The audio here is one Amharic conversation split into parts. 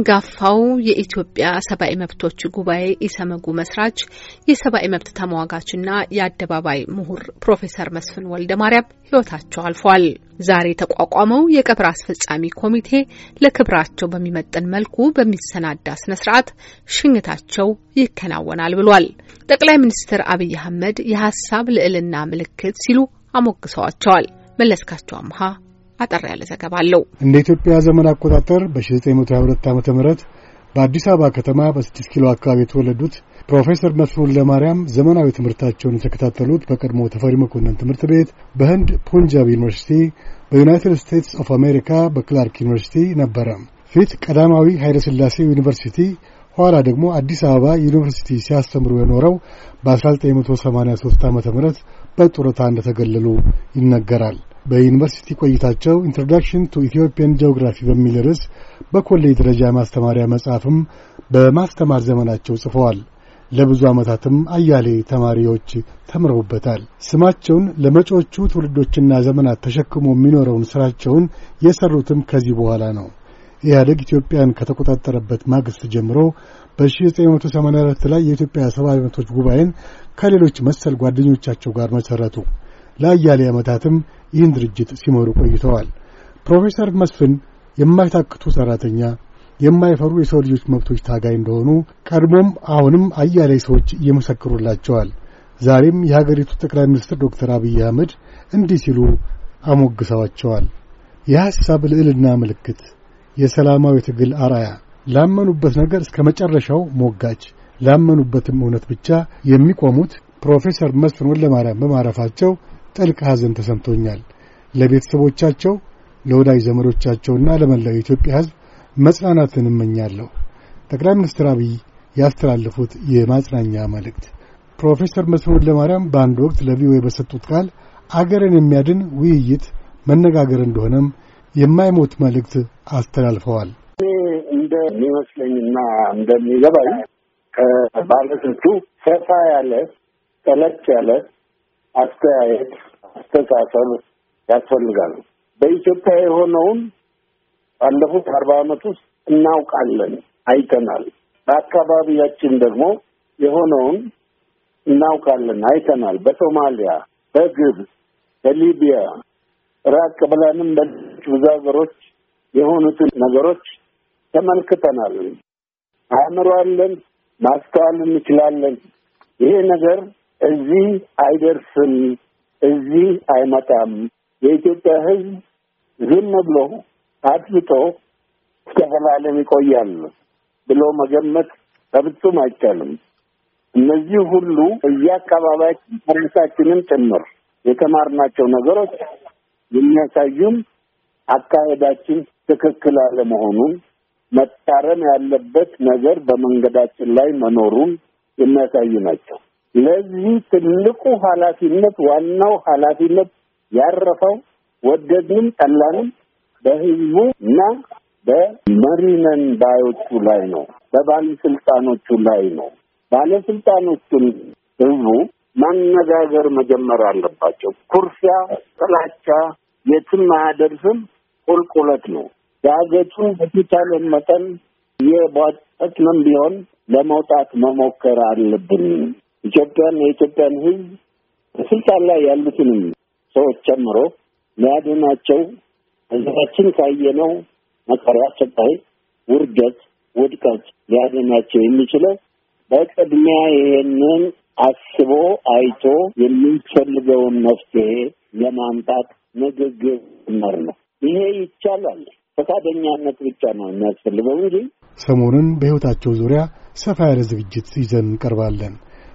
አንጋፋው የኢትዮጵያ ሰብአዊ መብቶች ጉባኤ ኢሰመጉ መስራች የሰብአዊ መብት ተሟጋችና የአደባባይ ምሁር ፕሮፌሰር መስፍን ወልደ ማርያም ሕይወታቸው አልፏል። ዛሬ የተቋቋመው የቀብር አስፈጻሚ ኮሚቴ ለክብራቸው በሚመጥን መልኩ በሚሰናዳ ስነ ስርዓት ሽኝታቸው ይከናወናል ብሏል። ጠቅላይ ሚኒስትር አብይ አህመድ የሀሳብ ልዕልና ምልክት ሲሉ አሞግሰዋቸዋል። መለስካቸው አምሃ አጠር ያለ ዘገባ አለው። እንደ ኢትዮጵያ ዘመን አቆጣጠር በ1922 ዓ ም በአዲስ አበባ ከተማ በ6 ኪሎ አካባቢ የተወለዱት ፕሮፌሰር መስፍን ለማርያም ዘመናዊ ትምህርታቸውን የተከታተሉት በቀድሞ ተፈሪ መኮንን ትምህርት ቤት፣ በህንድ ፑንጃብ ዩኒቨርሲቲ፣ በዩናይትድ ስቴትስ ኦፍ አሜሪካ በክላርክ ዩኒቨርሲቲ ነበረ። ፊት ቀዳማዊ ኃይለሥላሴ ዩኒቨርሲቲ ኋላ ደግሞ አዲስ አበባ ዩኒቨርሲቲ ሲያስተምሩ የኖረው በ1983 ዓ ም በጡረታ እንደተገለሉ ይነገራል። በዩኒቨርሲቲ ቆይታቸው ኢንትሮዳክሽን ቱ ኢትዮጵያን ጂኦግራፊ በሚል ርዕስ በኮሌጅ ደረጃ ማስተማሪያ መጽሐፍም በማስተማር ዘመናቸው ጽፈዋል። ለብዙ ዓመታትም አያሌ ተማሪዎች ተምረውበታል። ስማቸውን ለመጪዎቹ ትውልዶችና ዘመናት ተሸክሞ የሚኖረውን ሥራቸውን የሠሩትም ከዚህ በኋላ ነው። ኢህአደግ ኢትዮጵያን ከተቆጣጠረበት ማግስት ጀምሮ በ1984 ላይ የኢትዮጵያ ሰብአዊ መብቶች ጉባኤን ከሌሎች መሰል ጓደኞቻቸው ጋር መሠረቱ። ለአያሌ ዓመታትም ይህን ድርጅት ሲመሩ ቆይተዋል። ፕሮፌሰር መስፍን የማይታክቱ ሠራተኛ፣ የማይፈሩ የሰው ልጆች መብቶች ታጋይ እንደሆኑ ቀድሞም አሁንም አያሌ ሰዎች እየመሰክሩላቸዋል። ዛሬም የሀገሪቱ ጠቅላይ ሚኒስትር ዶክተር አብይ አህመድ እንዲህ ሲሉ አሞግሰዋቸዋል። የሐሳብ ልዕልና ምልክት፣ የሰላማዊ ትግል አርአያ፣ ላመኑበት ነገር እስከ መጨረሻው ሞጋች፣ ላመኑበትም እውነት ብቻ የሚቆሙት ፕሮፌሰር መስፍን ወልደማርያም በማረፋቸው ጥልቅ ሐዘን ተሰምቶኛል። ለቤተሰቦቻቸው፣ ለወዳጅ ዘመዶቻቸውና ለመላው የኢትዮጵያ ሕዝብ መጽናናትን እመኛለሁ። ጠቅላይ ሚኒስትር አብይ ያስተላለፉት የማጽናኛ መልእክት። ፕሮፌሰር መስፍን ለማርያም በአንድ ወቅት ለቪኦኤ በሰጡት ቃል አገርን የሚያድን ውይይት፣ መነጋገር እንደሆነም የማይሞት መልእክት አስተላልፈዋል። እንደሚመስለኝና እንደሚገባኝ ከባለስልቱ ሰፋ ያለ ጠለቅ ያለ አስተያየት፣ አስተሳሰብ ያስፈልጋል። በኢትዮጵያ የሆነውን ባለፉት አርባ ዓመት ውስጥ እናውቃለን፣ አይተናል። በአካባቢያችን ደግሞ የሆነውን እናውቃለን፣ አይተናል። በሶማሊያ፣ በግብፅ፣ በሊቢያ ራቅ ብለንም በሌሎች ብዙ ሀገሮች የሆኑትን ነገሮች ተመልክተናል። አእምሮ አለን፣ ማስተዋል እንችላለን። ይሄ ነገር እዚህ አይደርስም፣ እዚህ አይመጣም። የኢትዮጵያ ሕዝብ ዝም ብሎ አጥፍቶ እስከ ዘላለም ይቆያል ብሎ መገመት በፍጹም አይቻልም። እነዚህ ሁሉ እየአካባቢያችን ራሳችንን ጭምር የተማርናቸው ነገሮች የሚያሳዩም አካሄዳችን ትክክል አለመሆኑን መታረም ያለበት ነገር በመንገዳችን ላይ መኖሩን የሚያሳዩ ናቸው። ለዚህ ትልቁ ኃላፊነት ዋናው ኃላፊነት ያረፈው ወደድንም ጠላንም በህዝቡ እና በመሪነን ባዮቹ ላይ ነው፣ በባለስልጣኖቹ ላይ ነው። ባለስልጣኖቹን ህዝቡ ማነጋገር መጀመር አለባቸው። ኩርፊያ፣ ጥላቻ የትም አያደርስም፣ ቁልቁለት ነው። ዳገቱን በተቻለ መጠን የቧጠጥንም ቢሆን ለመውጣት መሞከር አለብን። ኢትዮጵያን የኢትዮጵያን ሕዝብ በስልጣን ላይ ያሉትንም ሰዎች ጨምሮ ሊያድናቸው ህዝባችን ካየነው መከራ፣ ስቃይ፣ ውርደት፣ ውድቀት ሊያድናቸው የሚችለው በቅድሚያ ይሄንን አስቦ አይቶ የሚፈልገውን መፍትሄ ለማምጣት ንግግር መር ነው። ይሄ ይቻላል። ፈቃደኛነት ብቻ ነው የሚያስፈልገው እንጂ ሰሞኑን በህይወታቸው ዙሪያ ሰፋ ያለ ዝግጅት ይዘን እንቀርባለን።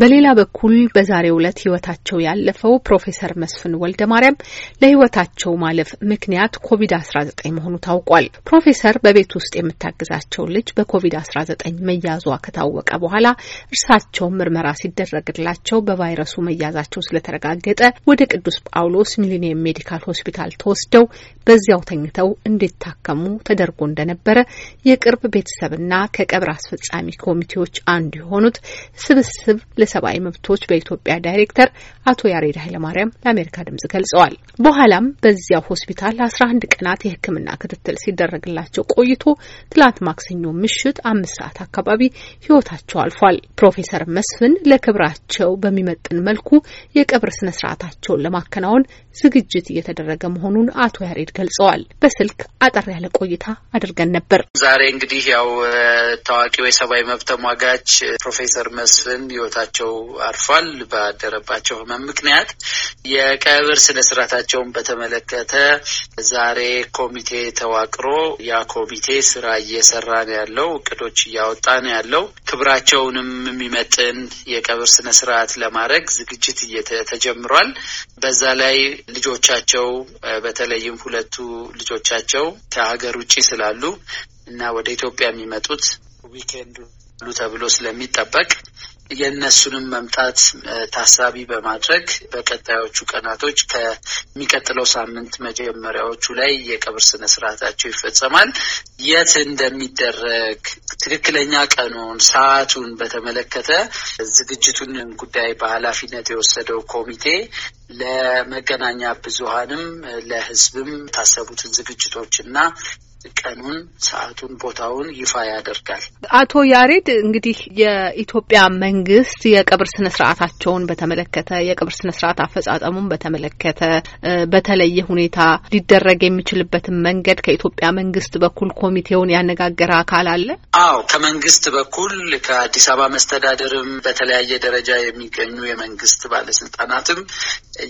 በሌላ በኩል በዛሬ ዕለት ህይወታቸው ያለፈው ፕሮፌሰር መስፍን ወልደ ማርያም ለህይወታቸው ማለፍ ምክንያት ኮቪድ-19 መሆኑ ታውቋል። ፕሮፌሰር በቤት ውስጥ የምታግዛቸው ልጅ በኮቪድ-19 መያዟ ከታወቀ በኋላ እርሳቸው ምርመራ ሲደረግላቸው በቫይረሱ መያዛቸው ስለተረጋገጠ ወደ ቅዱስ ጳውሎስ ሚሊኒየም ሜዲካል ሆስፒታል ተወስደው በዚያው ተኝተው እንዲታከሙ ተደርጎ እንደነበረ የቅርብ ቤተሰብና ከቀብር አስፈጻሚ ኮሚቴዎች አንዱ የሆኑት ስብስብ ለሰብአዊ መብቶች በኢትዮጵያ ዳይሬክተር አቶ ያሬድ ኃይለማርያም ለአሜሪካ ድምጽ ገልጸዋል። በኋላም በዚያው ሆስፒታል አስራ አንድ ቀናት የሕክምና ክትትል ሲደረግላቸው ቆይቶ ትላንት ማክሰኞ ምሽት አምስት ሰዓት አካባቢ ህይወታቸው አልፏል። ፕሮፌሰር መስፍን ለክብራቸው በሚመጥን መልኩ የቀብር ስነ ስርዓታቸውን ለማከናወን ዝግጅት እየተደረገ መሆኑን አቶ ያሬድ ገልጸዋል። በስልክ አጠር ያለ ቆይታ አድርገን ነበር። ዛሬ እንግዲህ ያው ታዋቂው የሰብአዊ መብት ተሟጋች ፕሮፌሰር መስፍን ህይወታቸው ህይወታቸው አርፏል ባደረባቸው ህመም ምክንያት። የቀብር ስነ ስርዓታቸውን በተመለከተ ዛሬ ኮሚቴ ተዋቅሮ ያ ኮሚቴ ስራ እየሰራ ነው ያለው፣ እቅዶች እያወጣ ነው ያለው። ክብራቸውንም የሚመጥን የቀብር ስነ ስርዓት ለማድረግ ዝግጅት ተጀምሯል። በዛ ላይ ልጆቻቸው በተለይም ሁለቱ ልጆቻቸው ከሀገር ውጭ ስላሉ እና ወደ ኢትዮጵያ የሚመጡት ዊኬንዱ ተብሎ ስለሚጠበቅ የእነሱንም መምጣት ታሳቢ በማድረግ በቀጣዮቹ ቀናቶች ከሚቀጥለው ሳምንት መጀመሪያዎቹ ላይ የቀብር ስነ ስርዓታቸው ይፈጸማል። የት እንደሚደረግ ትክክለኛ ቀኑን፣ ሰዓቱን በተመለከተ ዝግጅቱን ጉዳይ በኃላፊነት የወሰደው ኮሚቴ ለመገናኛ ብዙሃንም ለህዝብም የታሰቡትን ዝግጅቶች እና ቀኑን፣ ሰዓቱን፣ ቦታውን ይፋ ያደርጋል። አቶ ያሬድ እንግዲህ የኢትዮጵያ መንግስት የቀብር ስነ ስርዓታቸውን በተመለከተ የቀብር ስነ ስርዓት አፈጻጸሙን በተመለከተ በተለየ ሁኔታ ሊደረግ የሚችልበትን መንገድ ከኢትዮጵያ መንግስት በኩል ኮሚቴውን ያነጋገረ አካል አለ? አዎ፣ ከመንግስት በኩል ከአዲስ አበባ መስተዳደርም በተለያየ ደረጃ የሚገኙ የመንግስት ባለስልጣናትም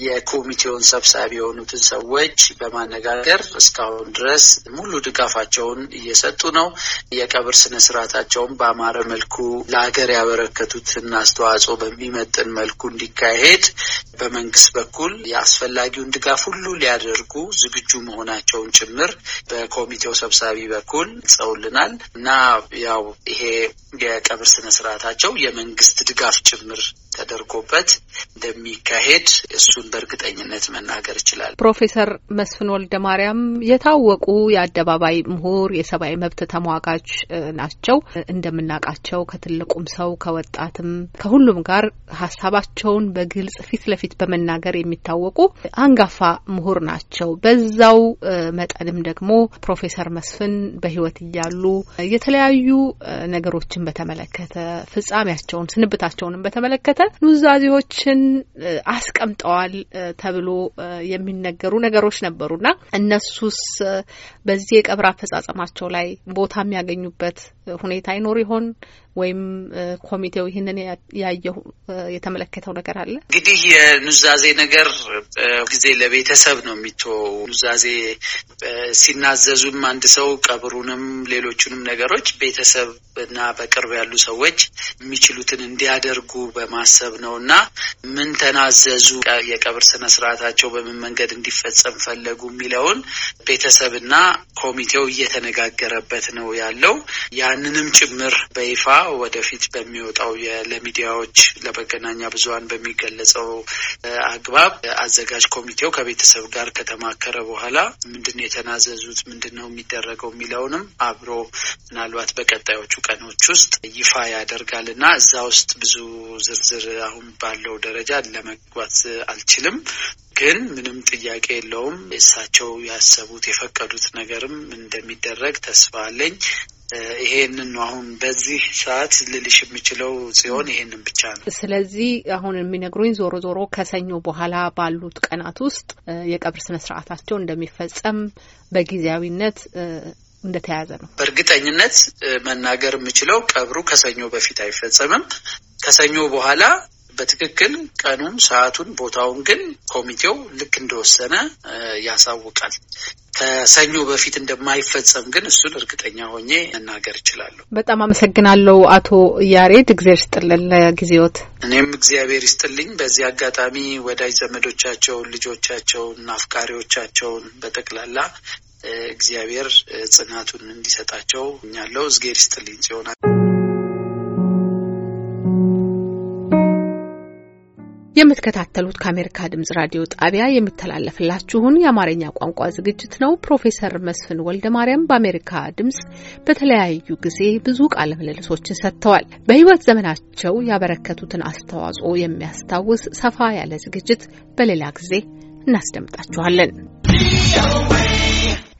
የኮሚቴውን ሰብሳቢ የሆኑትን ሰዎች በማነጋገር እስካሁን ድረስ ሙሉ ድጋፋቸውን እየሰጡ ነው። የቀብር ስነ ስርዓታቸውን በአማረ መልኩ ለሀገር ያበረከቱትን አስተዋጽኦ በሚመጥን መልኩ እንዲካሄድ በመንግስት በኩል የአስፈላጊውን ድጋፍ ሁሉ ሊያደርጉ ዝግጁ መሆናቸውን ጭምር በኮሚቴው ሰብሳቢ በኩል ጸውልናል እና ያው ይሄ የቀብር ስነ ስርዓታቸው የመንግስት ድጋፍ ጭምር ተደርጎበት እንደሚካሄድ እሱን በእርግጠኝነት መናገር ይችላል። ፕሮፌሰር መስፍን ወልደ ማርያም የታወቁ የአደባባይ ምሁር፣ የሰብአዊ መብት ተሟጋች ናቸው። እንደምናውቃቸው ከትልቁም ሰው ከወጣትም ከሁሉም ጋር ሀሳባቸውን በግልጽ ፊት ለፊት በመናገር የሚታወቁ አንጋፋ ምሁር ናቸው። በዛው መጠንም ደግሞ ፕሮፌሰር መስፍን በህይወት እያሉ የተለያዩ ነገሮችን በተመለከተ ፍጻሜያቸውን ስንብታቸውንም በተመለከተ ኑዛዜዎችን አስቀምጠዋል ተብሎ የሚነገሩ ነገሮች ነበሩና እነሱስ በዚህ የቀብር አፈጻጸማቸው ላይ ቦታ የሚያገኙበት ሁኔታ ይኖር ይሆን? ወይም ኮሚቴው ይህንን ያየው የተመለከተው ነገር አለ? እንግዲህ የኑዛዜ ነገር ጊዜ ለቤተሰብ ነው የሚተወው። ኑዛዜ ሲናዘዙም አንድ ሰው ቀብሩንም ሌሎቹንም ነገሮች ቤተሰብ እና በቅርብ ያሉ ሰዎች የሚችሉትን እንዲያደርጉ በማሰብ ነው እና ምን ተናዘዙ፣ የቀብር ስነስርዓታቸው በምን መንገድ እንዲፈጸም ፈለጉ የሚለውን ቤተሰብና ኮሚቴው እየተነጋገረበት ነው ያለው። ያንንም ጭምር በይፋ ዋናው ወደፊት በሚወጣው ለሚዲያዎች ለመገናኛ ብዙሀን በሚገለጸው አግባብ አዘጋጅ ኮሚቴው ከቤተሰብ ጋር ከተማከረ በኋላ ምንድን የተናዘዙት ምንድን ነው የሚደረገው የሚለውንም አብሮ ምናልባት በቀጣዮቹ ቀኖች ውስጥ ይፋ ያደርጋል እና እዛ ውስጥ ብዙ ዝርዝር አሁን ባለው ደረጃ ለመግባት አልችልም። ግን ምንም ጥያቄ የለውም እሳቸው ያሰቡት የፈቀዱት ነገርም እንደሚደረግ ተስፋ አለኝ። ይሄንን ነው አሁን በዚህ ሰዓት ልልሽ የምችለው ሲሆን ይሄንን ብቻ ነው። ስለዚህ አሁን የሚነግሩኝ ዞሮ ዞሮ ከሰኞ በኋላ ባሉት ቀናት ውስጥ የቀብር ስነ ስርዓታቸው እንደሚፈጸም በጊዜያዊነት እንደተያዘ ነው። በእርግጠኝነት መናገር የምችለው ቀብሩ ከሰኞ በፊት አይፈጸምም። ከሰኞ በኋላ በትክክል ቀኑን፣ ሰዓቱን፣ ቦታውን ግን ኮሚቴው ልክ እንደወሰነ ያሳውቃል። ከሰኞ በፊት እንደማይፈጸም ግን እሱን እርግጠኛ ሆኜ መናገር እችላለሁ። በጣም አመሰግናለሁ አቶ ያሬድ፣ እግዜር ይስጥልን ለጊዜዎት። እኔም እግዚአብሔር ይስጥልኝ። በዚህ አጋጣሚ ወዳጅ ዘመዶቻቸውን፣ ልጆቻቸውን፣ አፍቃሪዎቻቸውን በጠቅላላ እግዚአብሔር ጽናቱን እንዲሰጣቸው እኛለው እግዜር ይስጥልኝ ሲሆናል የምትከታተሉት ከአሜሪካ ድምጽ ራዲዮ ጣቢያ የሚተላለፍላችሁን የአማርኛ ቋንቋ ዝግጅት ነው። ፕሮፌሰር መስፍን ወልደ ማርያም በአሜሪካ ድምጽ በተለያዩ ጊዜ ብዙ ቃለ ምልልሶችን ሰጥተዋል። በህይወት ዘመናቸው ያበረከቱትን አስተዋጽኦ የሚያስታውስ ሰፋ ያለ ዝግጅት በሌላ ጊዜ እናስደምጣችኋለን።